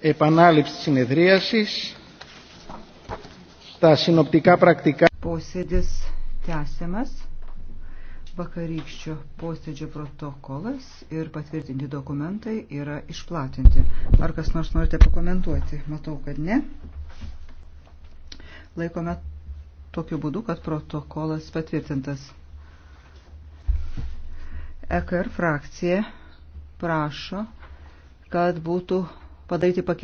επανάληψη της συνεδρίασης. Τα συνοπτικά πρακτικά. Posėdis tęsiamas. Vakarykščio posėdžio protokolas ir patvirtinti dokumentai yra išplatinti. Ar kas nors norite pakomentuoti? Matau, kad ne. Laikome tokiu būdu, kad protokolas patvirtintas. EKR frakcija prašo, kad būtų padaryti pakeitimą.